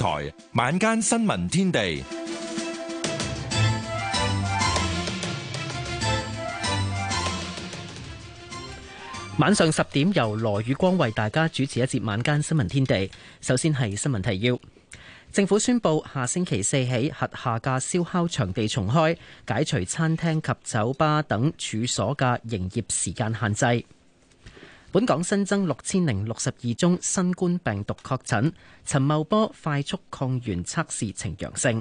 台晚間新聞天地，晚上十點由羅宇光為大家主持一節晚間新聞天地。首先係新聞提要，政府宣佈下星期四起，轄下嘅燒烤場地重開，解除餐廳及酒吧等處所嘅營業時間限制。本港新增六千零六十二宗新冠病毒確診，陳茂波快速抗原測試呈陽性。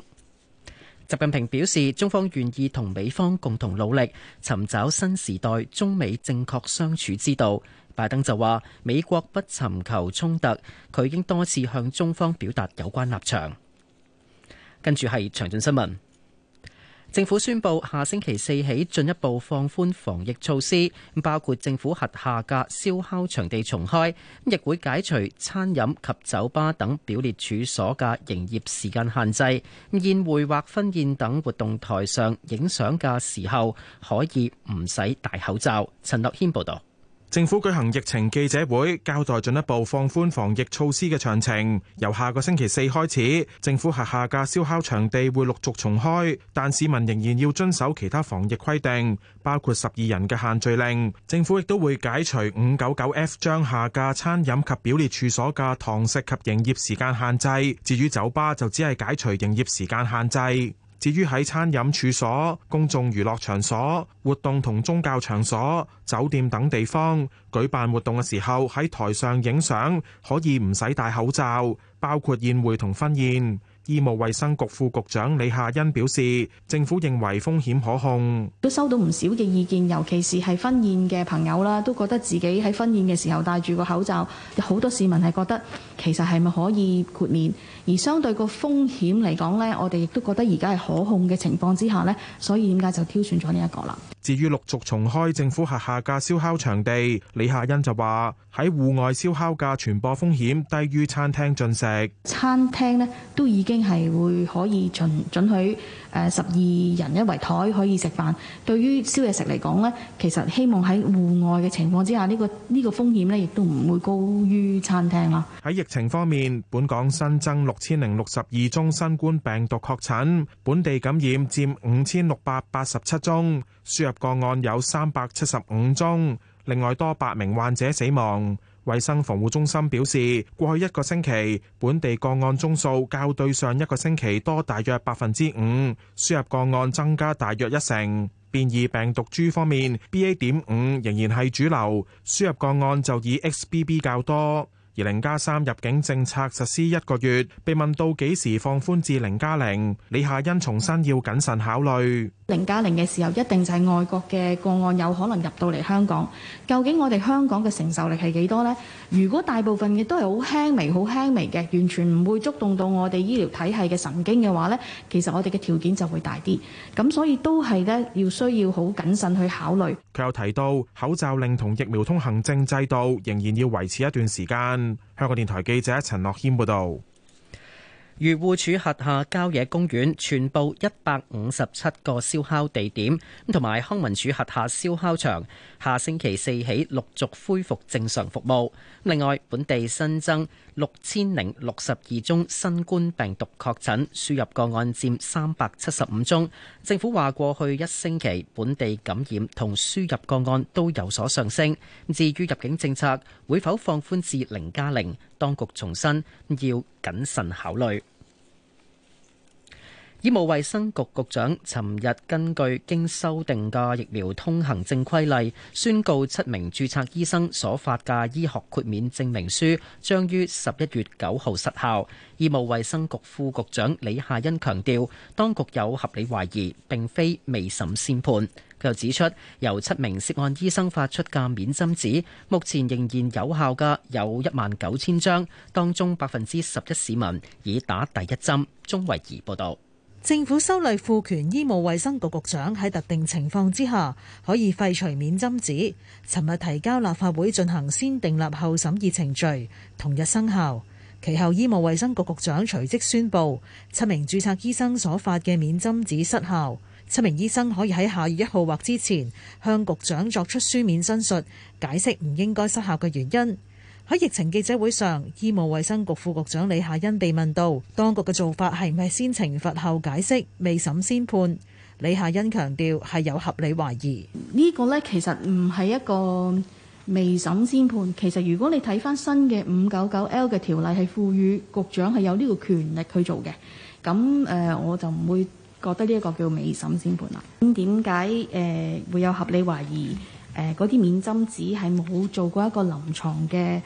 習近平表示，中方願意同美方共同努力，尋找新時代中美正確相處之道。拜登就話，美國不尋求衝突，佢已經多次向中方表達有關立場。跟住係詳盡新聞。政府宣布，下星期四起進一步放寬防疫措施，包括政府轄下嘅燒烤場地重開，亦會解除餐飲及酒吧等表列處所嘅營業時間限制。宴會或婚宴等活動台上影相嘅時候，可以唔使戴口罩。陳樂謙報道。政府舉行疫情記者會，交代進一步放寬防疫措施嘅詳情。由下個星期四開始，政府轄下嘅燒烤場地會陸續重開，但市民仍然要遵守其他防疫規定，包括十二人嘅限聚令。政府亦都會解除五九九 F 章下嘅餐飲及表列處所嘅堂食及營業時間限制。至於酒吧，就只係解除營業時間限制。至於喺餐飲處所、公眾娛樂場所、活動同宗教場所、酒店等地方舉辦活動嘅時候，喺台上影相可以唔使戴口罩，包括宴會同婚宴。醫務衛生局副，副局長李夏茵表示，政府認為風險可控。都收到唔少嘅意見，尤其是係婚宴嘅朋友啦，都覺得自己喺婚宴嘅時候戴住個口罩，好多市民係覺得其實係咪可以豁免？而相對個風險嚟講咧，我哋亦都覺得而家係可控嘅情況之下咧，所以點解就挑選咗呢一個啦？至於陸續重開政府轄下嘅燒烤場地，李夏茵就話，喺戶外燒烤嘅傳播風險低於餐廳進食。餐廳咧都已經係會可以準准許誒十二人一圍台可以食飯。對於燒嘢食嚟講咧，其實希望喺戶外嘅情況之下，呢個呢個風險咧亦都唔會高於餐廳啦。喺疫情方面，本港新增六。千零六十二宗新冠病毒確診，本地感染佔五千六百八十七宗，輸入個案有三百七十五宗，另外多八名患者死亡。衛生防護中心表示，過去一個星期本地個案宗數較對上一個星期多大約百分之五，輸入個案增加大約一成。變異病毒株方面，BA 點五仍然係主流，輸入個案就以 XBB 較多。而零加三入境政策實施一個月，被問到幾時放寬至零加零，李夏茵重申要謹慎考慮零加零嘅時候，一定就係外國嘅個案有可能入到嚟香港。究竟我哋香港嘅承受力係幾多咧？如果大部分嘅都係好輕微、好輕微嘅，完全唔會觸動到我哋醫療體系嘅神經嘅話咧，其實我哋嘅條件就會大啲。咁所以都係咧，要需要好謹慎去考慮。佢又提到口罩令同疫苗通行證制度仍然要維持一段時間。香港電台記者陳樂謙報道。漁護署轄下郊野公園全部一百五十七個燒烤地點，同埋康文署轄下燒烤場，下星期四起陸續恢復正常服務。另外，本地新增六千零六十二宗新冠病毒確診，輸入個案佔三百七十五宗。政府話，過去一星期本地感染同輸入個案都有所上升。至於入境政策會否放寬至零加零，0，當局重申要謹慎考慮。醫務衛生局局長尋日根據經修訂嘅疫苗通行證規例，宣告七名注冊醫生所發嘅醫學豁免證明書將於十一月九號失效。醫務衛生局副局長李夏欣強調，當局有合理懷疑，並非未審先判。佢又指出，由七名涉案醫生發出嘅免針紙目前仍然有效嘅有一萬九千張，當中百分之十一市民已打第一針。鍾慧儀報道。政府修例賦權醫務衛生局局長喺特定情況之下可以廢除免針紙，尋日提交立法會進行先訂立後審議程序，同日生效。其後，醫務衛生局局長隨即宣布七名注冊醫生所發嘅免針紙失效，七名醫生可以喺下月一號或之前向局長作出書面申述解釋唔應該失效嘅原因。喺疫情記者會上，醫務衛生局副局長李夏欣被問到當局嘅做法係唔係先懲罰後解釋？未審先判？李夏欣強調係有合理懷疑。呢個呢，其實唔係一個未審先判。其實如果你睇返新嘅五九九 L 嘅條例，係賦予局長係有呢個權力去做嘅。咁誒，我就唔會覺得呢一個叫未審先判啦。咁點解誒會有合理懷疑？誒嗰啲免針紙係冇做過一個臨床嘅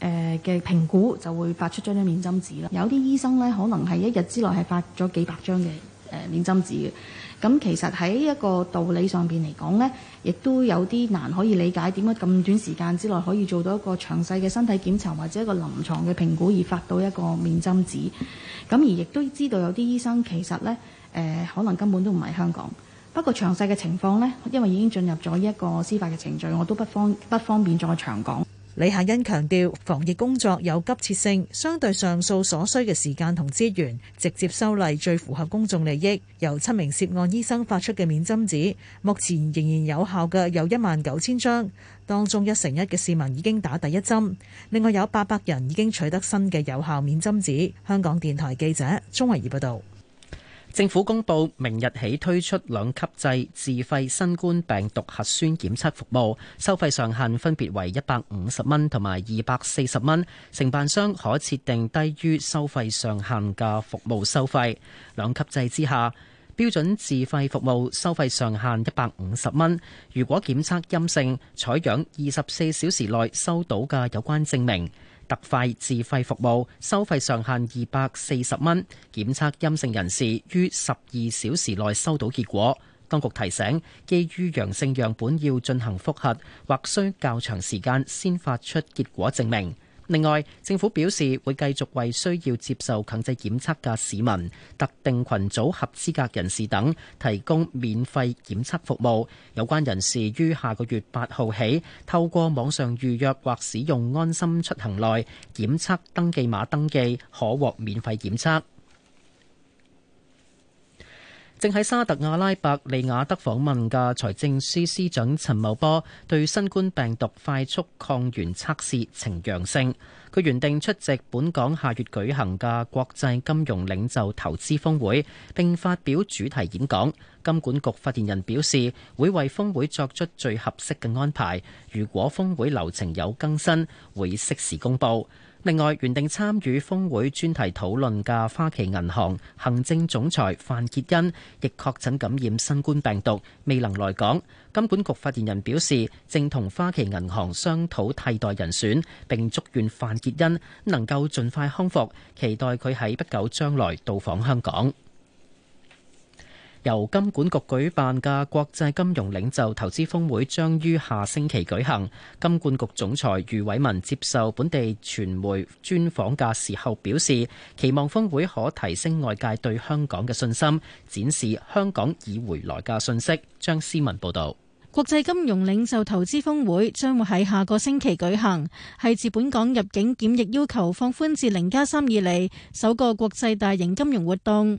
誒嘅評估，就會發出張張免針紙啦。有啲醫生呢，可能係一日之內係發咗幾百張嘅誒、呃、免針紙嘅。咁其實喺一個道理上邊嚟講呢，亦都有啲難可以理解點解咁短時間之內可以做到一個詳細嘅身體檢查或者一個臨床嘅評估而發到一個免針紙。咁而亦都知道有啲醫生其實呢，誒、呃，可能根本都唔係香港。不過詳細嘅情況呢，因為已經進入咗一個司法嘅程序，我都不方不方便再長講。李夏茵強調，防疫工作有急切性，相對上訴所需嘅時間同資源，直接修例最符合公眾利益。由七名涉案醫生發出嘅免針紙，目前仍然有效嘅有一萬九千張，當中一成一嘅市民已經打第一針，另外有八百人已經取得新嘅有效免針紙。香港電台記者鍾慧儀報道。政府公布，明日起推出兩級制自費新冠病毒核酸檢測服務，收費上限分別為一百五十蚊同埋二百四十蚊。承辦商可設定低於收費上限嘅服務收費。兩級制之下，標準自費服務收費上限一百五十蚊。如果檢測陰性，採樣二十四小時內收到嘅有關證明。特快自費服務收費上限二百四十蚊，檢測陰性人士於十二小時內收到結果。當局提醒，基於陽性樣本要進行複核，或需較長時間先發出結果證明。另外，政府表示會繼續為需要接受強制檢測嘅市民、特定群組合資格人士等提供免費檢測服務，有關人士於下個月八號起，透過網上預約或使用安心出行內檢測登記碼登記可獲免費檢測。正喺沙特阿拉伯利雅德訪問嘅財政司司長陳茂波，對新冠病毒快速抗原測試呈陽性。佢原定出席本港下月舉行嘅國際金融領袖投資峰會，並發表主題演講。金管局發言人表示，會為峰會作出最合適嘅安排。如果峰會流程有更新，會適時公布。另外，原定參與峰會專題討論嘅花旗銀行行政總裁范潔恩亦確診感染新冠病毒，未能來港。金管局發言人表示，正同花旗銀行商討替代人選，並祝願范潔恩能夠盡快康復，期待佢喺不久將來到訪香港。由金管局舉辦嘅國際金融領袖投資峯會將於下星期舉行。金管局總裁余偉文接受本地傳媒專訪嘅時候表示，期望峯會可提升外界對香港嘅信心，展示香港已回來嘅訊息。張思文報導。國際金融領袖投資峯會將會喺下個星期舉行，係自本港入境檢疫要求放寬至零加三以嚟首個國際大型金融活動。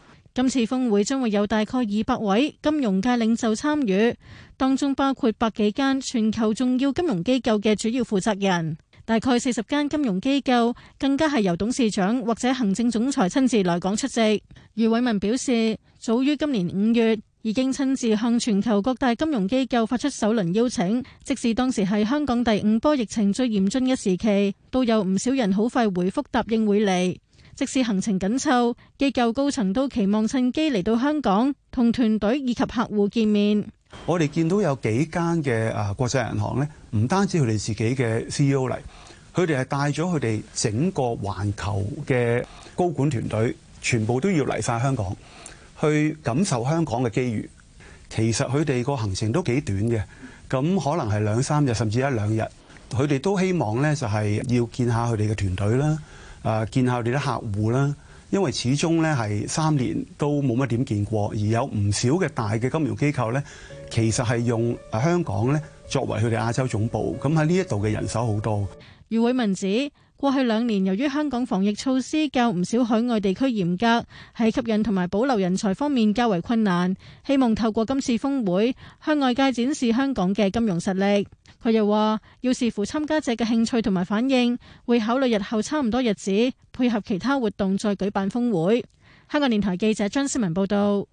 今次峰會將會有大概二百位金融界領袖參與，當中包括百幾間全球重要金融機構嘅主要負責人，大概四十間金融機構更加係由董事長或者行政總裁親自來港出席。余偉文表示，早於今年五月已經親自向全球各大金融機構發出首輪邀請，即使當時係香港第五波疫情最嚴峻嘅時期，都有唔少人好快回覆答應會嚟。即使行程緊湊，機構高層都期望趁機嚟到香港同團隊以及客戶見面。我哋見到有幾間嘅啊國際銀行咧，唔單止佢哋自己嘅 CEO 嚟，佢哋係帶咗佢哋整個環球嘅高管團隊，全部都要嚟曬香港去感受香港嘅機遇。其實佢哋個行程都幾短嘅，咁可能係兩三日甚至一兩日，佢哋都希望咧就係要見下佢哋嘅團隊啦。誒見下我哋啲客戶啦，因為始終咧係三年都冇乜點見過，而有唔少嘅大嘅金融機構咧，其實係用香港咧作為佢哋亞洲總部，咁喺呢一度嘅人手好多。余偉文指。過去兩年，由於香港防疫措施較唔少海外地區嚴格，喺吸引同埋保留人才方面較為困難。希望透過今次峰會，向外界展示香港嘅金融實力。佢又話：要視乎參加者嘅興趣同埋反應，會考慮日後差唔多日子，配合其他活動再舉辦峰會。香港電台記者張思文報道。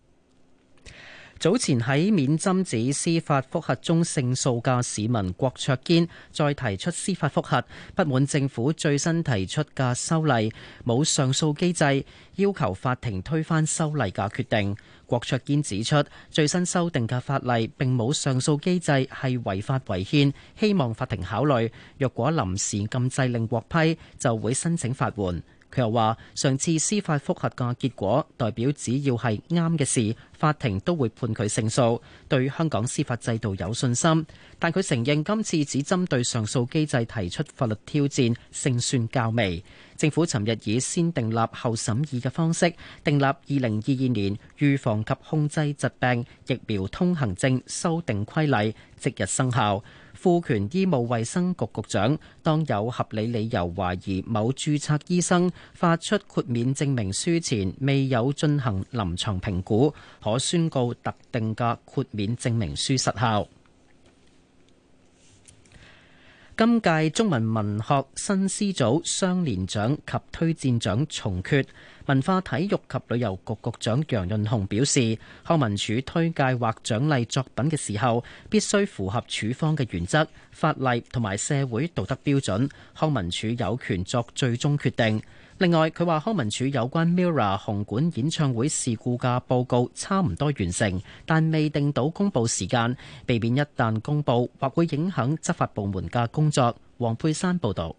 早前喺免針紙司法覆核中勝訴嘅市民郭卓堅，再提出司法覆核，不滿政府最新提出嘅修例冇上訴機制，要求法庭推翻修例嘅決定。郭卓堅指出，最新修訂嘅法例並冇上訴機制係違法違憲，希望法庭考慮。若果臨時禁制令獲批，就會申請法援。佢又話：上次司法覆核嘅結果，代表只要係啱嘅事，法庭都會判佢勝訴，對香港司法制度有信心。但佢承認今次只針對上訴機制提出法律挑戰，勝算較微。政府尋日以先訂立後審議嘅方式，訂立《二零二二年預防及控制疾病疫苗通行證修訂規例》，即日生效。賦權醫務衛生局局長，當有合理理由懷疑某註冊醫生發出豁免證明書前未有進行臨床評估，可宣告特定嘅豁免證明書失效。今屆中文文學新詩組雙年獎及推薦獎從缺，文化體育及旅遊局局長楊潤雄表示，康文署推介或獎勵作品嘅時候，必須符合署方嘅原則、法例同埋社會道德標準，康文署有權作最終決定。另外，佢話康文署有關 MIRROR 紅館演唱會事故嘅報告差唔多完成，但未定到公佈時間，避免一旦公佈或會影響執法部門嘅工作。黃佩珊報導，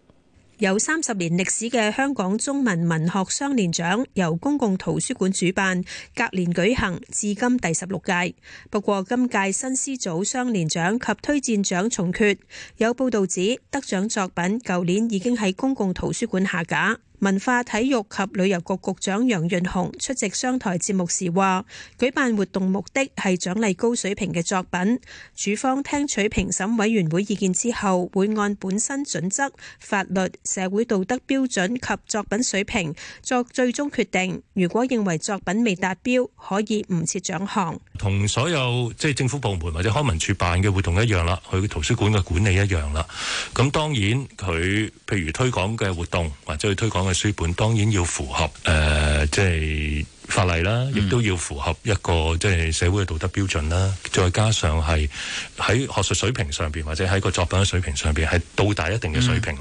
有三十年歷史嘅香港中文文學雙年獎由公共圖書館主辦，隔年舉行，至今第十六屆。不過，今屆新詩組雙年獎及推薦獎從缺，有報導指得獎作品舊年已經喺公共圖書館下架。文化體育及旅遊局局長楊潤雄出席商台節目時話，舉辦活動目的係獎勵高水平嘅作品。主方聽取評審委員會意見之後會按本身準則、法律、社會道德標準及作品水平作最終決定。如果認為作品未達標，可以唔設獎項，同所有即係政府部門或者康文署辦嘅活動一樣啦，佢圖書館嘅管理一樣啦。咁當然佢譬如推廣嘅活動或者去推廣。書本當然要符合誒、呃，即係，法例啦，亦都要符合一個即係社會嘅道德標準啦。再加上係喺學術水平上邊或者喺個作品水平上邊係到達一定嘅水平。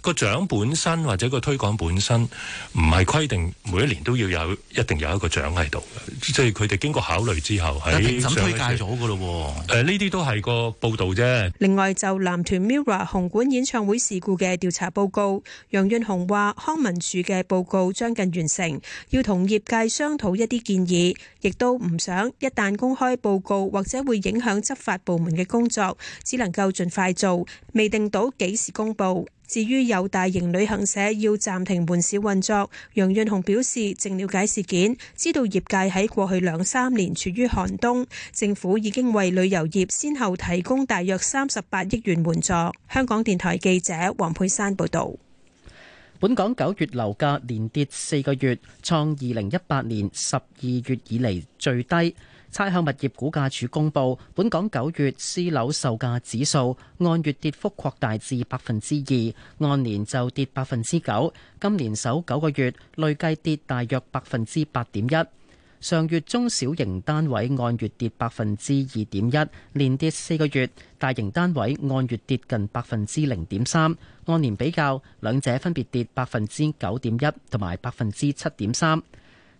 個獎、嗯嗯、本身或者個推廣本身，唔係規定每一年都要有一定有一個獎喺度，即係佢哋經過考慮之後，喺、嗯哎、評審推介咗嘅咯。誒呢啲都係個報道啫。另外就男團 MIRROR 紅館演唱會事故嘅調查報告，楊潤雄話康文署嘅報告將近完成，要同業界商。商討一啲建議，亦都唔想一旦公開報告或者會影響執法部門嘅工作，只能夠盡快做，未定到幾時公布。至於有大型旅行社要暫停門市運作，楊潤雄表示正了解事件，知道業界喺過去兩三年處於寒冬，政府已經為旅遊業先後提供大約三十八億元援助。香港電台記者黃佩珊報道。本港九月樓價連跌四個月，創二零一八年十二月以嚟最低。差餉物業估價署公布，本港九月私樓售價指數按月跌幅擴大至百分之二，按年就跌百分之九。今年首九個月累計跌大約百分之八點一。上月中小型單位按月跌百分之二點一，連跌四個月；大型單位按月跌近百分之零點三，按年比較兩者分別跌百分之九點一同埋百分之七點三。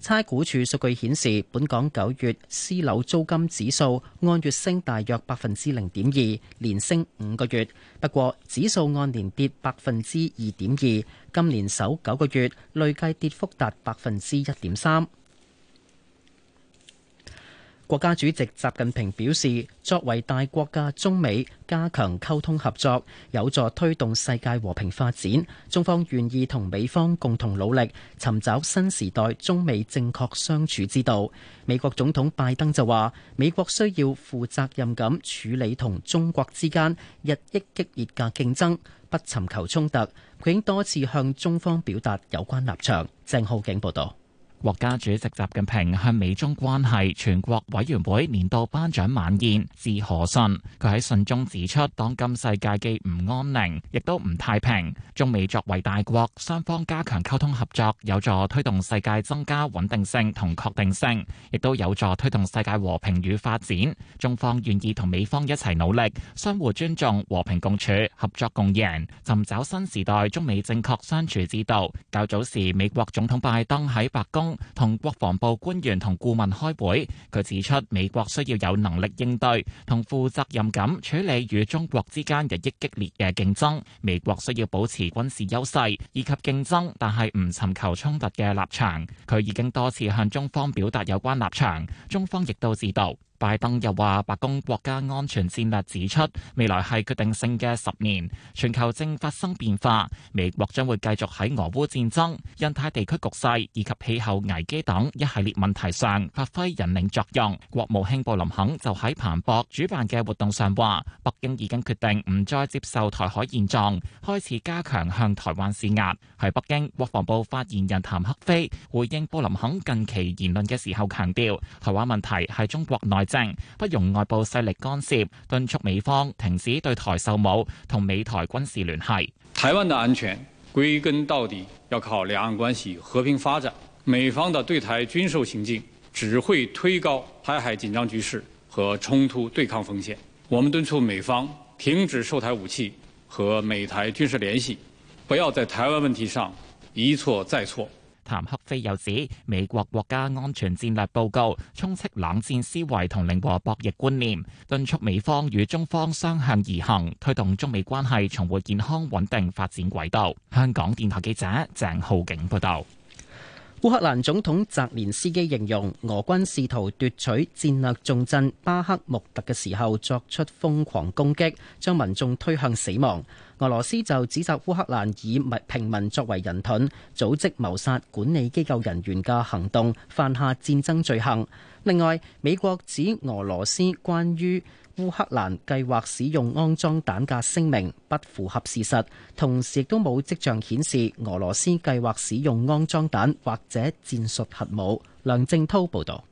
差餉物業估價署數據顯示，本港九月私樓租金指數按月升大約百分之零點二，連升五個月。不過指數按年跌百分之二點二，今年首九個月累計跌幅達百分之一點三。國家主席習近平表示，作為大國家，中美加強溝通合作，有助推動世界和平發展。中方願意同美方共同努力，尋找新時代中美正確相處之道。美國總統拜登就話：美國需要負責任咁處理同中國之間日益激烈嘅競爭，不尋求衝突。佢已經多次向中方表達有關立場。鄭浩景報導。國家主席習近平向美中關係全國委員會年度頒獎晚宴致賀信。佢喺信中指出，當今世界既唔安寧，亦都唔太平。中美作為大國，雙方加強溝通合作，有助推動世界增加穩定性同確定性，亦都有助推動世界和平與發展。中方願意同美方一齊努力，相互尊重、和平共處、合作共贏，尋找新時代中美正確相處之道。較早時，美國總統拜登喺白宮。同國防部官員同顧問開會，佢指出美國需要有能力應對同負責任咁處理與中國之間日益激烈嘅競爭。美國需要保持軍事優勢以及競爭，但係唔尋求衝突嘅立場。佢已經多次向中方表達有關立場，中方亦都知道。拜登又話，白宮國家安全戰略指出，未來係決定性嘅十年，全球正發生變化，美國將會繼續喺俄烏戰爭、印太地區局勢以及氣候危機等一系列問題上發揮引領作用。國務卿布林肯就喺彭博主辦嘅活動上話，北京已經決定唔再接受台海現狀，開始加強向台灣施壓。喺北京，國防部發言人譚克飛回應布林肯近期言論嘅時候強調，台灣問題係中國內。正不容外部勢力干涉，敦促美方停止對台售武同美台軍事聯繫。台灣的安全歸根到底要靠兩岸關係和平發展，美方的對台軍售行徑只會推高台海緊張局勢和衝突對抗風險。我們敦促美方停止售台武器和美台軍事聯繫，不要在台灣問題上一錯再錯。譚克非又指，美國國家安全戰略報告充斥冷戰思維同零和博弈觀念，敦促美方與中方相向而行，推動中美關係重回健康穩定發展軌道。香港電台記者鄭浩景報道。烏克蘭總統澤連斯基形容，俄軍試圖奪取戰略重鎮巴克穆特嘅時候，作出瘋狂攻擊，將民眾推向死亡。俄羅斯就指責烏克蘭以民平民作為人盾，組織謀殺管理機構人員嘅行動，犯下戰爭罪行。另外，美國指俄羅斯關於烏克蘭計劃使用骯髒彈嘅聲明不符合事實，同時亦都冇跡象顯示俄羅斯計劃使用骯髒彈或者戰術核武。梁正滔報導，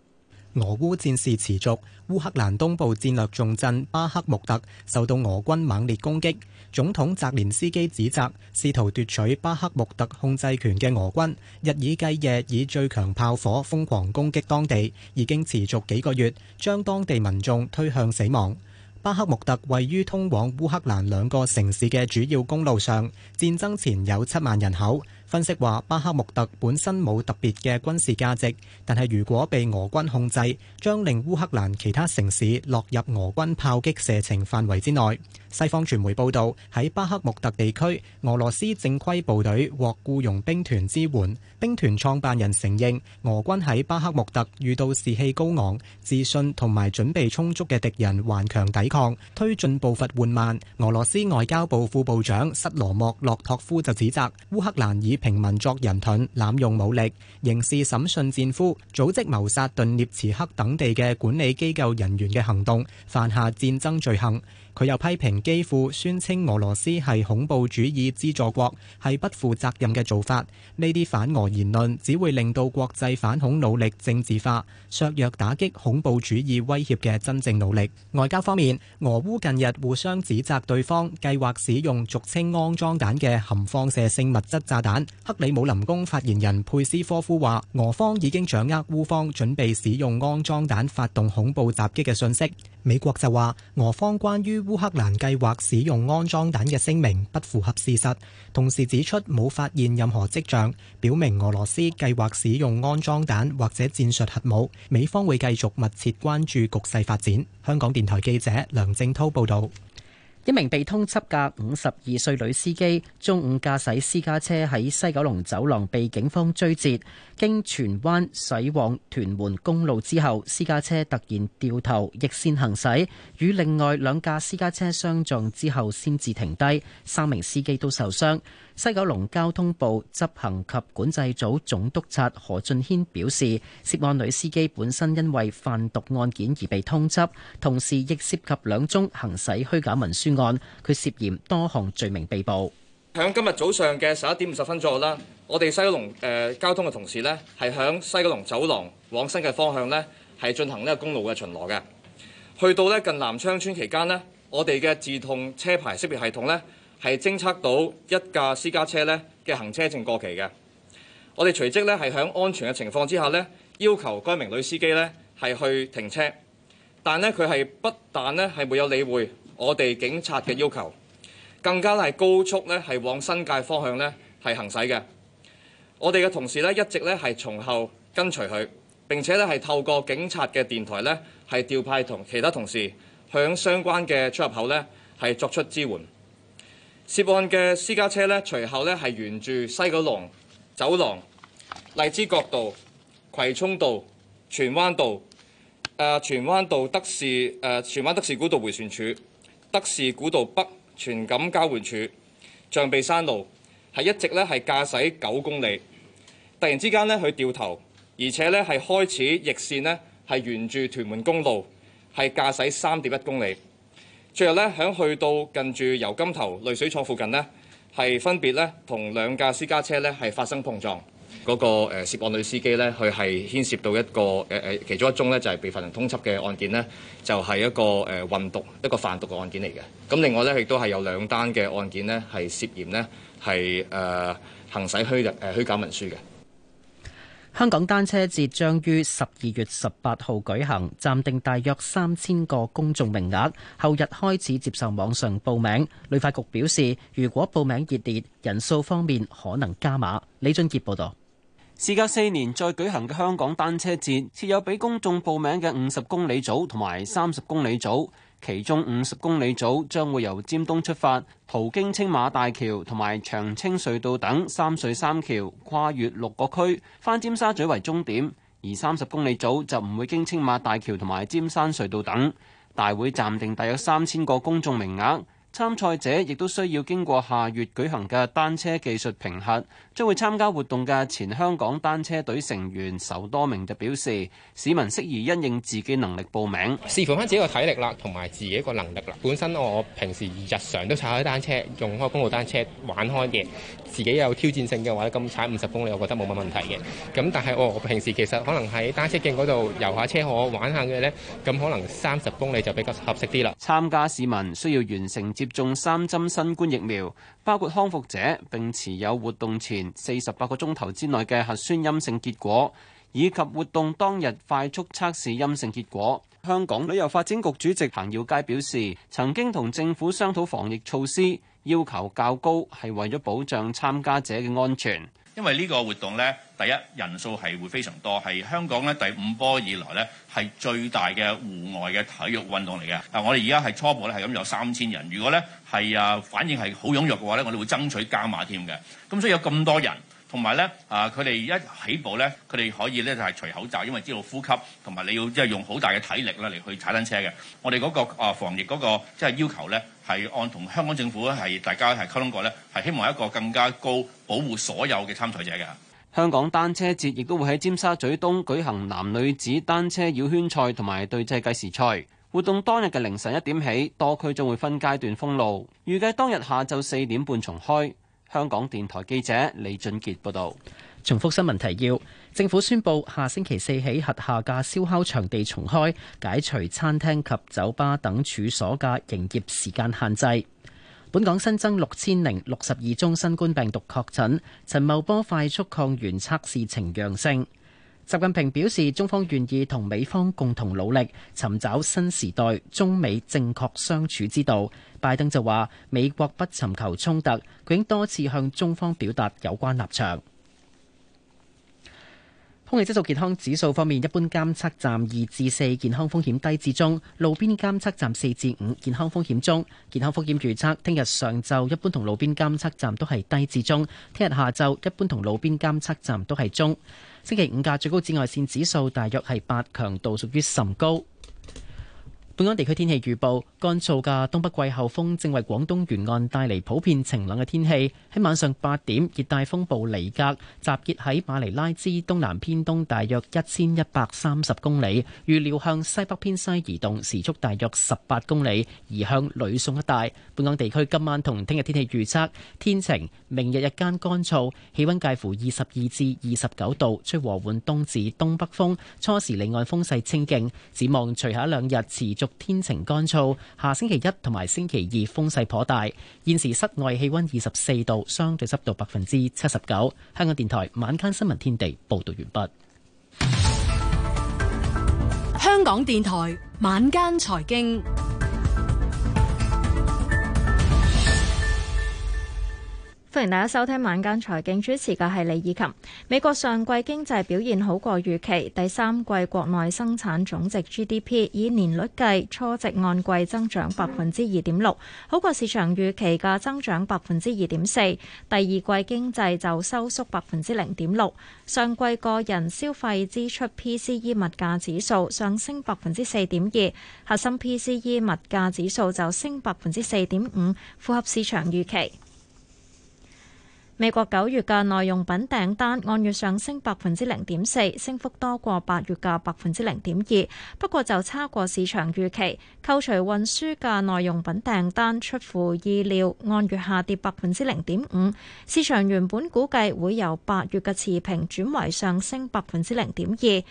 俄烏戰事持續，烏克蘭東部戰略重鎮巴克穆特受到俄軍猛烈攻擊。總統澤連斯基指責，試圖奪取巴克穆特控制權嘅俄軍，日以繼夜以最強炮火瘋狂攻擊當地，已經持續幾個月，將當地民眾推向死亡。巴克穆特位於通往烏克蘭兩個城市嘅主要公路上，戰爭前有七萬人口。分析話，巴克穆特本身冇特別嘅軍事價值，但係如果被俄軍控制，將令烏克蘭其他城市落入俄軍炮擊射程範圍之內。西方傳媒報道，喺巴克穆特地區，俄羅斯正規部隊獲僱傭兵團支援。兵團創辦人承認，俄軍喺巴克穆特遇到士氣高昂、自信同埋準備充足嘅敵人頑強抵抗，推進步伐緩慢。俄羅斯外交部副部長塞羅莫洛托夫就指責烏克蘭以平民作人盾，濫用武力，刑事審訊戰俘，組織謀殺頓涅茨克等地嘅管理機構人員嘅行動，犯下戰爭罪行。佢又批評基輔宣稱俄羅斯係恐怖主義資助國，係不負責任嘅做法，呢啲反俄言論只會令到國際反恐努力政治化，削弱打擊恐怖主義威脅嘅真正努力。外交方面，俄烏近日互相指責對方計劃使用俗稱骯髒彈嘅含放射性物質炸彈。克里姆林宮發言人佩斯科夫話：俄方已經掌握烏方準備使用骯髒彈發動恐怖襲擊嘅訊息。美國就話俄方關於烏克蘭計劃使用安裝彈嘅聲明不符合事實，同時指出冇發現任何跡象表明俄羅斯計劃使用安裝彈或者戰術核武。美方會繼續密切關注局勢發展。香港電台記者梁正濤報道：一名被通緝嘅五十二歲女司機中午駕駛私家車喺西九龍走廊被警方追截。經荃灣駛往屯門公路之後，私家車突然掉頭逆綫行駛，與另外兩架私家車相撞之後，先至停低，三名司機都受傷。西九龍交通部執行及管制組總督察何俊軒表示，涉案女司機本身因為販毒案件而被通緝，同時亦涉及兩宗行使虛假文書案，佢涉嫌多項罪名被捕。響今日早上嘅十一點五十分左右啦，我哋西九龍誒交通嘅同事咧，係響西九龍走廊往新界方向咧，係進行呢個公路嘅巡邏嘅。去到咧近南昌村期間咧，我哋嘅自動車牌識別系統咧係偵測到一架私家車咧嘅行車證過期嘅。我哋隨即咧係響安全嘅情況之下咧，要求該名女司機咧係去停車，但咧佢係不但咧係沒有理會我哋警察嘅要求。更加係高速咧，係往新界方向咧係行駛嘅。我哋嘅同事咧一直咧係從後跟隨佢，並且咧係透過警察嘅電台咧係調派同其他同事響相關嘅出入口咧係作出支援。涉案嘅私家車咧，隨後咧係沿住西九龍走廊、荔枝角道、葵涌道、荃灣道、誒荃灣道德士誒荃灣德士古道回旋處德士古道北，全錦交匯處、象鼻山路係一直咧係駕駛九公里，突然之間咧佢掉頭，而且咧係開始逆線咧係沿住屯門公路係駕駛三點一公里，最後咧響去到近住油金頭濾水廠附近咧係分別咧同兩架私家車咧係發生碰撞。嗰個涉案女司機呢，佢係牽涉到一個誒誒其中一宗呢，就係、是、被罰人通緝嘅案件呢，就係、是、一個誒運毒一個販毒嘅案件嚟嘅。咁另外呢，亦都係有兩單嘅案件呢，係涉嫌呢，係誒、呃、行使虛日誒虛假文書嘅。香港單車節將於十二月十八號舉行，暫定大約三千個公眾名額，後日開始接受網上報名。旅發局表示，如果報名熱烈，人數方面可能加碼。李俊傑報導。事隔四年再舉行嘅香港單車節設有俾公眾報名嘅五十公里組同埋三十公里組，其中五十公里組將會由尖東出發，途經青馬大橋同埋長青隧道等三隧三橋，跨越六個區，翻尖沙咀為終點。而三十公里組就唔會經青馬大橋同埋尖山隧道等。大會暫定大約三千個公眾名額。參賽者亦都需要經過下月舉行嘅單車技術評核。將會參加活動嘅前香港單車隊成員仇多明就表示，市民適宜因應自己能力報名，視乎翻自己個體力啦，同埋自己個能力啦。本身我平時日常都踩開單車，用開公路單車玩開嘅，自己有挑戰性嘅話，咁踩五十公里，我覺得冇乜問題嘅。咁但係我平時其實可能喺單車徑嗰度遊下車河，玩下嘅呢，咁可能三十公里就比較合適啲啦。參加市民需要完成接種三針新冠疫苗，包括康復者，並持有活動前四十八個鐘頭之內嘅核酸陰性結果，以及活動當日快速測試陰性結果。香港旅遊發展局主席彭耀佳表示，曾經同政府商討防疫措施，要求較高係為咗保障參加者嘅安全。因為呢個活動呢，第一，人數係會非常多，係香港呢，第五波以來呢，係最大嘅戶外嘅體育運動嚟嘅。嗱、啊，我哋而家係初步呢，係咁有三千人，如果呢，係啊反應係好踴躍嘅話呢，我哋會爭取加碼添嘅。咁、嗯、所以有咁多人。同埋咧，啊，佢哋一起步咧，佢哋可以咧就係除口罩，因為知道呼吸，同埋你要即係用好大嘅體力啦嚟去踩單車嘅。我哋嗰個啊防疫嗰個即係要求咧，係按同香港政府係大家係溝通過咧，係希望一個更加高保護所有嘅參賽者嘅。香港單車節亦都會喺尖沙咀東舉行男女子單車繞圈賽同埋對制計時賽活動。當日嘅凌晨一點起，多區將會分階段封路，預計當日下晝四點半重開。香港電台記者李俊杰報道。重複新聞提要：政府宣布下星期四起，轄下嘅燒烤場地重開，解除餐廳及酒吧等處所嘅營業時間限制。本港新增六千零六十二宗新冠病毒確診。陳茂波快速抗原測試呈陽性。習近平表示，中方願意同美方共同努力，尋找新時代中美正確相處之道。拜登就話：美國不尋求衝突，佢已經多次向中方表達有關立場。空氣質素健康指數方面，一般監測站二至四，健康風險低至中；路邊監測站四至五，健康風險中。健康風險預測：聽日上晝一般同路邊監測站都係低至中；聽日下晝一般同路邊監測站都係中。星期五嘅最高紫外線指數大約係八，強度屬於甚高。本港地區天氣預報：乾燥嘅東北季候風正為廣東沿岸帶嚟普遍晴朗嘅天氣。喺晚上八點，熱帶風暴尼格集結喺馬尼拉之東南偏東大約一千一百三十公里，預料向西北偏西移動，時速大約十八公里，移向呂宋一帶。本港地區今晚同聽日天氣預測：天晴，明日日間乾燥，氣温介乎二十二至二十九度，吹和緩東至東北風，初時離岸風勢清勁，展望隨後一兩日持續。天晴乾燥，下星期一同埋星期二風勢頗大。現時室外氣溫二十四度，相對濕度百分之七十九。香港電台晚間新聞天地報道完畢。香港電台晚間財經。歡迎大家收聽晚間財經，主持嘅係李以琴。美國上季經濟表現好過預期，第三季國內生產總值 GDP 以年率計初值按季增長百分之二點六，好過市場預期嘅增長百分之二點四。第二季經濟就收縮百分之零點六。上季個人消費支出 PCE 物價指數上升百分之四點二，核心 PCE 物價指數就升百分之四點五，符合市場預期。美國九月嘅耐用品訂單按月上升百分之零點四，升幅多過八月嘅百分之零點二，不過就差過市場預期。扣除運輸嘅耐用品訂單出乎意料按月下跌百分之零點五，市場原本估計會由八月嘅持平轉為上升百分之零點二。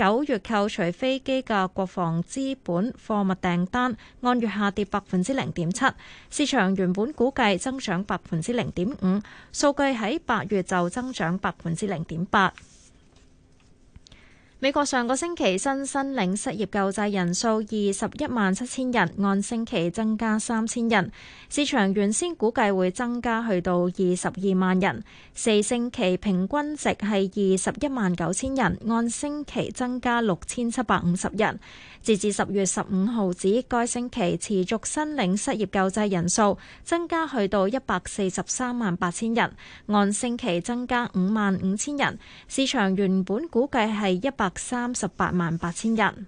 九月扣除飛機嘅國防資本貨物訂單按月下跌百分之零點七，市場原本估計增長百分之零點五，數據喺八月就增長百分之零點八。美國上個星期新申領失業救濟人數二十一萬七千人，按星期增加三千人。市場原先估計會增加去到二十二萬人。四星期平均值係二十一萬九千人，按星期增加六千七百五十人。截至十月十五號止，該星期持續申領失業救濟人數增加去到一百四十三萬八千人，按星期增加五萬五千人。市場原本估計係一百三十八萬八千人。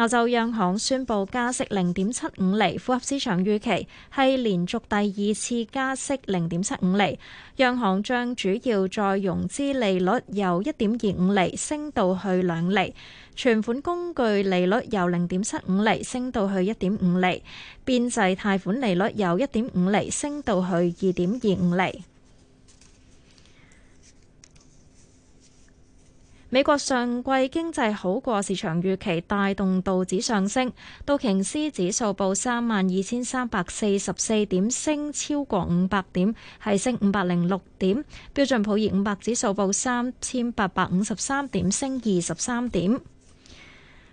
歐洲央行宣布加息零點七五厘，符合市場預期，係連續第二次加息零點七五厘。央行將主要再融資利率由一點二五厘升到去兩厘，存款工具利率由零點七五厘升到去一點五厘，邊際貸款利率由一點五厘升到去二點二五厘。美國上季經濟好過市場預期，帶動道指上升。道瓊斯指數報三萬二千三百四十四點，升超過五百點，係升五百零六點。標準普爾五百指數報三千八百五十三點，升二十三點。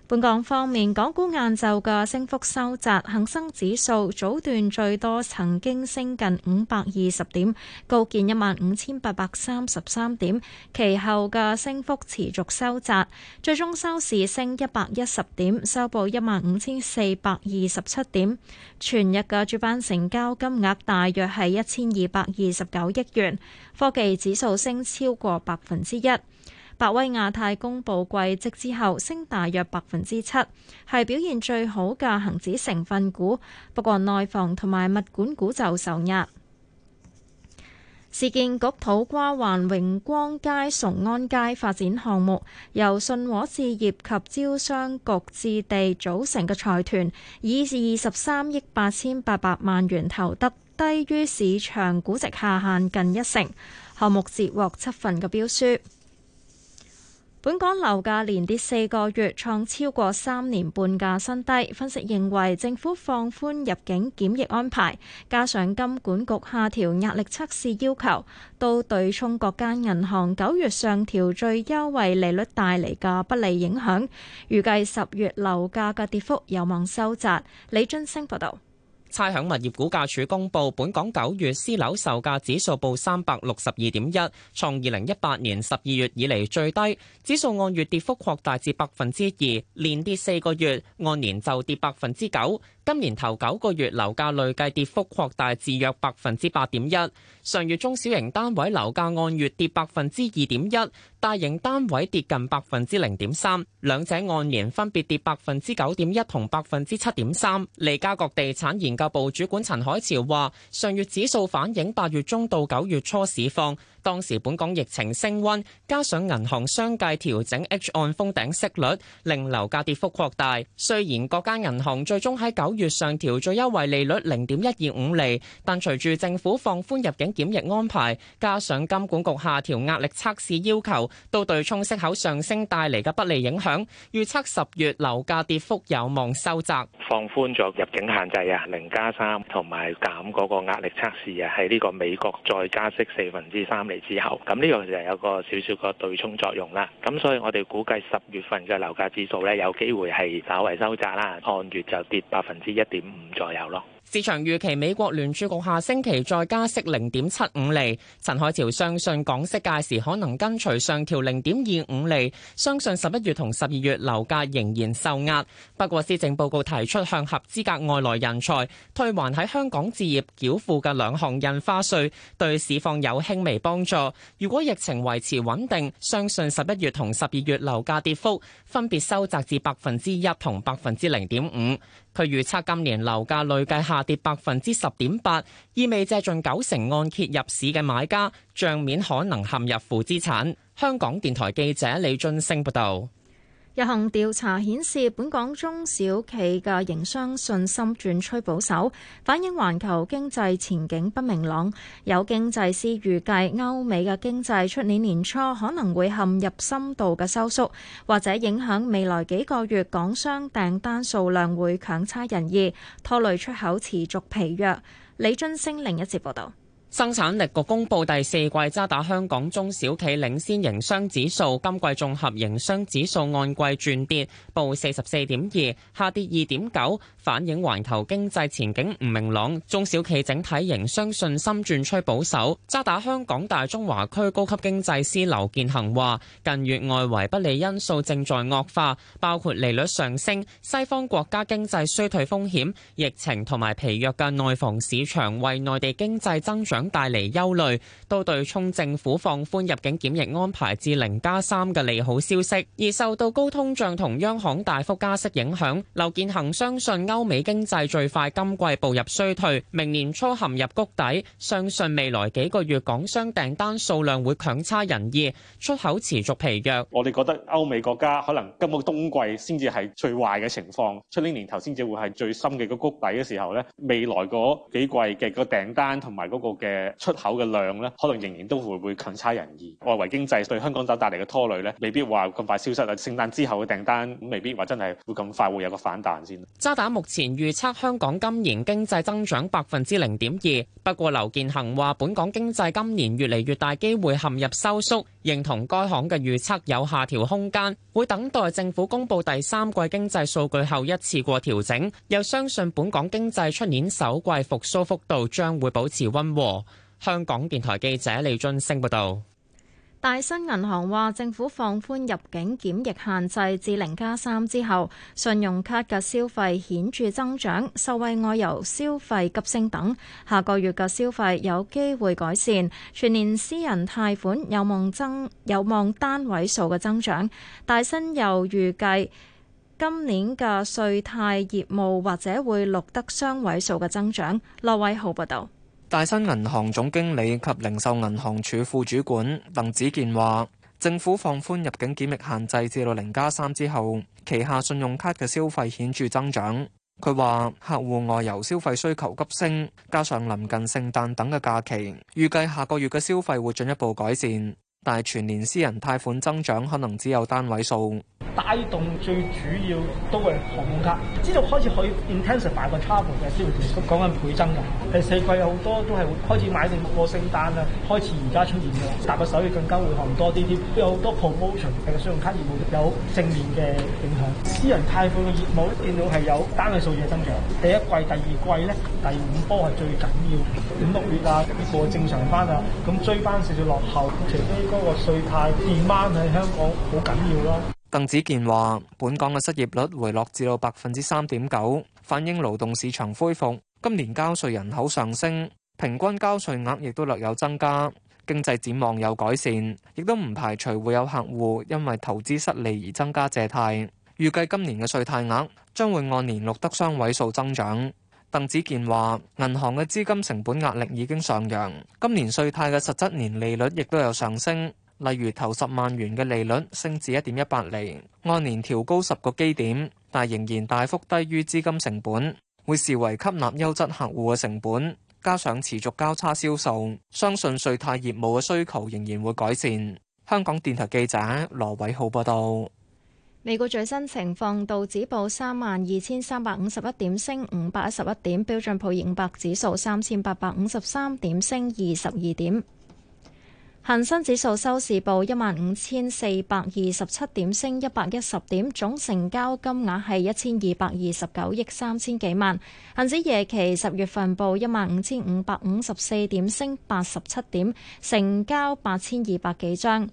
本港方面，港股晏晝嘅升幅收窄，恒生指數早段最多曾經升近五百二十點，高見一萬五千八百三十三點，其後嘅升幅持續收窄，最終收市升一百一十點，收報一萬五千四百二十七點。全日嘅主板成交金額大約係一千二百二十九億元，科技指數升超過百分之一。百威亞太公布季績之後，升大約百分之七，係表現最好嘅恒指成分股。不過內房同埋物管股就受壓。市建局土瓜灣榮光街崇安街發展項目，由信和置業及招商局置地組成嘅財團，以二十三億八千八百萬元投得，低於市場估值下限近一成。項目截獲七份嘅標書。本港樓價連跌四個月，創超過三年半價新低。分析認為，政府放寬入境檢疫安排，加上金管局下調壓力測試要求，都對沖各間銀行九月上調最優惠利率帶嚟嘅不利影響。預計十月樓價嘅跌幅有望收窄。李俊升報道。差餉物業估價署公佈，本港九月私樓售價指數報三百六十二點一，創二零一八年十二月以嚟最低，指數按月跌幅擴大至百分之二，連跌四個月，按年就跌百分之九。今年頭九個月樓價累計跌幅擴大至約百分之八點一，上月中小型單位樓價按月跌百分之二點一，大型單位跌近百分之零點三，兩者按年分別跌百分之九點一同百分之七點三。利嘉閣地產研究部主管陳海潮話：上月指數反映八月中到九月初市況。當時本港疫情升溫，加上銀行相繼調整 H 按封頂息率，令樓價跌幅擴大。雖然各家銀行最終喺九月上調最優惠利率零點一二五厘，但隨住政府放寬入境檢疫安排，加上金管局下調壓力測試要求，都對沖息口上升帶嚟嘅不利影響。預測十月樓價跌幅有望收窄。放寬咗入境限制啊，零加三同埋減嗰個壓力測試啊，喺呢個美國再加息四分之三之後，咁呢樣就有個少少個對沖作用啦。咁所以，我哋估計十月份嘅樓價指數呢，有機會係稍微收窄啦，按月就跌百分之一點五左右咯。市場預期美國聯儲局下星期再加息零點七五釐。陳海潮相信港息屆時可能跟隨上調零點二五釐，相信十一月同十二月樓價仍然受壓。不過施政報告提出向合資格外來人才退還喺香港置業繳付嘅兩項印花稅，對市況有輕微幫助。如果疫情維持穩定，相信十一月同十二月樓價跌幅分別收窄至百分之一同百分之零點五。佢預測今年樓價累計下跌百分之十點八，意味借盡九成按揭入市嘅買家，帳面可能陷入負資產。香港電台記者李津升報道。日行調查顯示，本港中小企嘅營商信心轉趨保守，反映環球經濟前景不明朗。有經濟師預計歐美嘅經濟出年年初可能會陷入深度嘅收縮，或者影響未來幾個月港商訂單數量會強差人意，拖累出口持續疲弱。李津星另一節報道。生產力局公布第四季渣打香港中小企領先營商指數，今季綜合營商指數按季轉跌，報四十四點二，下跌二點九，反映環球經濟前景唔明朗，中小企整體營商信心轉趨保守。渣打香港大中華區高級經濟師劉建恒話：近月外圍不利因素正在惡化，包括利率上升、西方國家經濟衰退風險、疫情同埋疲弱嘅內房市場，為內地經濟增長帶嚟憂慮，都對沖政府放寬入境檢疫安排至零加三嘅利好消息，而受到高通脹同央行大幅加息影響，劉建恒相信歐美經濟最快今季步入衰退，明年初陷入谷底，相信未來幾個月港商訂單數量會強差人意，出口持續疲弱。我哋覺得歐美國家可能今個冬季先至係最壞嘅情況，出年年頭先至會係最深嘅個谷底嘅時候呢，未來嗰幾季嘅個訂單同埋嗰個嘅。出口嘅量呢，可能仍然都會會強差人意。外圍經濟對香港等帶嚟嘅拖累呢，未必話咁快消失啦。聖誕之後嘅訂單未必話真係會咁快會有個反彈先。渣打目前預測香港今年經濟增長百分之零點二，不過劉健恒話本港經濟今年越嚟越大機會陷入收縮，認同該行嘅預測有下調空間，會等待政府公佈第三季經濟數據後一次過調整。又相信本港經濟出年首季復蘇幅度將會保持溫和。香港電台記者李俊升報道：大新銀行話，政府放寬入境檢疫限制至零加三之後，信用卡嘅消費顯著增長，受惠外遊消費急升等，下個月嘅消費有機會改善。全年私人貸款有望增，有望單位數嘅增長。大新又預計今年嘅稅貸業務或者會錄得雙位數嘅增長。羅偉豪報道。大新銀行總經理及零售銀行處副主管鄧子健話：政府放寬入境檢疫限制至到零加三之後，旗下信用卡嘅消費顯著增長。佢話：客戶外遊消費需求急升，加上臨近聖誕等嘅假期，預計下個月嘅消費會進一步改善。但係全年私人貸款增長可能只有單位數，帶動最主要都係航空卡，知道開始可以 intensify 辦個 travel 嘅消費，咁講緊倍增嘅。第四季好多都係開始買定過聖誕啊，開始而家出現嘅，但個手亦更加會行多啲啲，都有好多 promotion 係信用卡業務有正面嘅影響。私人貸款嘅業務咧，見到係有單位數字嘅增長。第一季、第二季咧，第，呢第五波係最緊要，五、六月啊，呢個正常翻啊，咁追翻少少落後，除嗰個稅貸 demand 喺香港好緊要咯。鄧子健話：本港嘅失業率回落至到百分之三點九，反映勞動市場恢復。今年交稅人口上升，平均交稅額亦都略有增加，經濟展望有改善，亦都唔排除會有客戶因為投資失利而增加借貸。預計今年嘅稅貸額將會按年錄得雙位數增長。鄧子健話：銀行嘅資金成本壓力已經上揚，今年稅貸嘅實質年利率亦都有上升。例如頭十萬元嘅利率升至一點一八厘，按年調高十個基點，但仍然大幅低於資金成本，會視為吸納優質客戶嘅成本。加上持續交叉銷售，相信稅貸業務嘅需求仍然會改善。香港電台記者羅偉浩報道。美國最新情況，道指報三萬二千三百五十一點，升五百一十一點；標準普爾五百指數三千八百五十三點，升二十二點；恒生指數收市報一萬五千四百二十七點，升一百一十點；總成交金額係一千二百二十九億三千幾萬；恒指夜期十月份報一萬五千五百五十四點，升八十七點，成交八千二百幾張。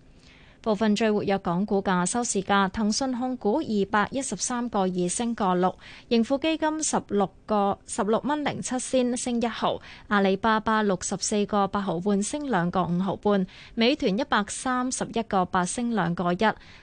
部分最活躍港股價收市價，騰訊控股二百一十三個二升個六，盈富基金十六個十六蚊零七仙升一毫，阿里巴巴六十四個八毫半升兩個五毫半，美團一百三十一個八升兩個一，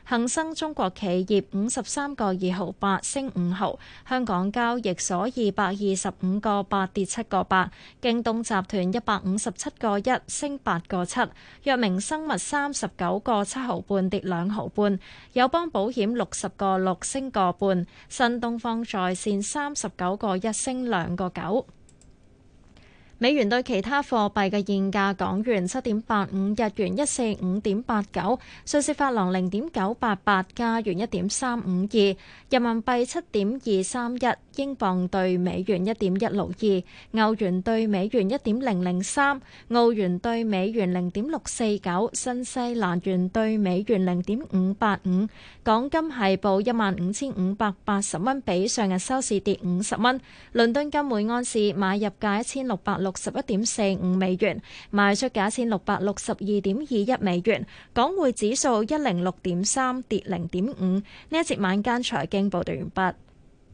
恆生中國企業五十三個二毫八升五毫，香港交易所二百二十五個八跌七個八，京東集團一百五十七個一升八個七，藥明生物三十九個七。毫半 跌兩毫半，友邦保險六十個六升個半，新東方在線三十九個一升兩個九，美元對其他貨幣嘅現價，港元七點八五，日元一四五點八九，瑞士法郎零點九八八，加元一點三五二，人民幣七點二三一。英鎊兌美元一點一六二，歐元兌美元一點零零三，澳元兌美元零點六四九，新西蘭元兌美元零點五八五。港金係報一萬五千五百八十蚊，比上日收市跌五十蚊。倫敦金每安士買入價一千六百六十一點四五美元，賣出價一千六百六十二點二一美元。港匯指數一零六點三，跌零點五。呢一節晚間財經報道完畢。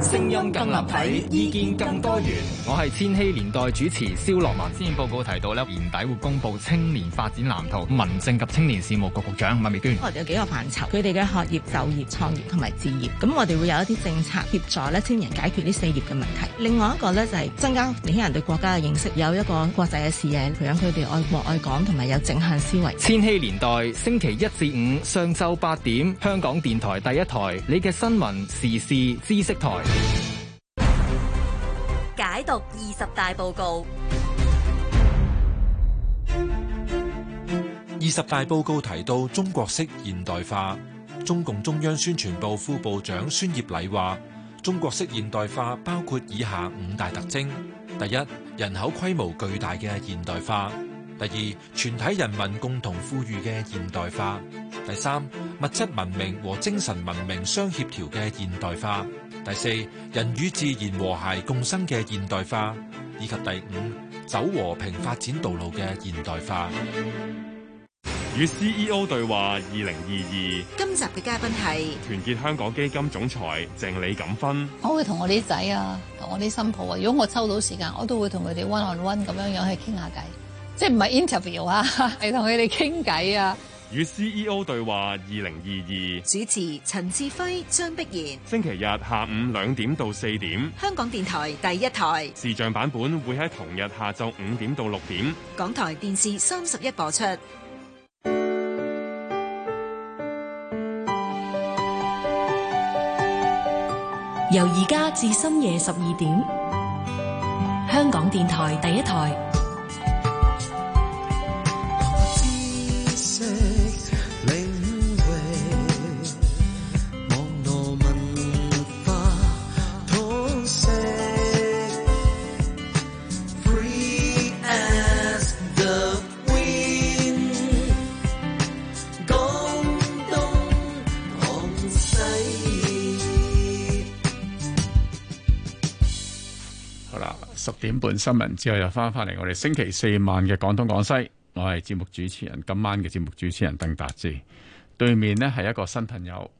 聲音更立體，意見更多元。我係千禧年代主持蕭樂文。先報告提到咧，年底會公布青年發展藍圖。民政及青年事務局局長麥美娟。我哋有幾個範疇，佢哋嘅學業、就業、創業同埋置業。咁我哋會有一啲政策協助咧，青年解決呢四業嘅問題。另外一個呢，就係增加年輕人對國家嘅認識，有一個國際嘅視野，培養佢哋愛國愛港同埋有正向思維。千禧年代星期一至五上晝八點，香港電台第一台，你嘅新聞時事知識台。解讀二十大報告。二十大報告提到中國式現代化，中共中央宣傳部副部長孫業禮話：中國式現代化包括以下五大特徵：第一，人口規模巨大嘅現代化；第二，全體人民共同富裕嘅現代化；第三，物質文明和精神文明相協調嘅現代化。第四，人與自然和諧共生嘅現代化，以及第五，走和平發展道路嘅現代化。與 CEO 對話二零二二。2022，今集嘅嘉賓係團結香港基金總裁鄭李錦芬。我會同我啲仔啊，同我啲新抱啊，如果我抽到時間，我都會同佢哋 One On One 咁樣樣去傾下偈，即係唔係 interview 啊，係同佢哋傾偈啊。與 CEO 對話二零二二，主持陳志輝、張碧賢。星期日下午兩點到四點，香港電台第一台視像版本會喺同日下晝五點到六點，港台電視三十一播出。由而家至深夜十二點，香港電台第一台。本新聞之後又翻返嚟，我哋星期四晚嘅廣東廣西，我係節目主持人，今晚嘅節目主持人鄧達志，對面呢係一個新朋友，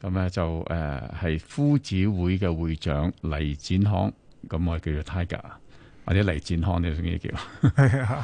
咁咧就誒係、呃、夫子會嘅會長黎展康，咁我叫做 Tiger 或者黎展康你鍾意叫。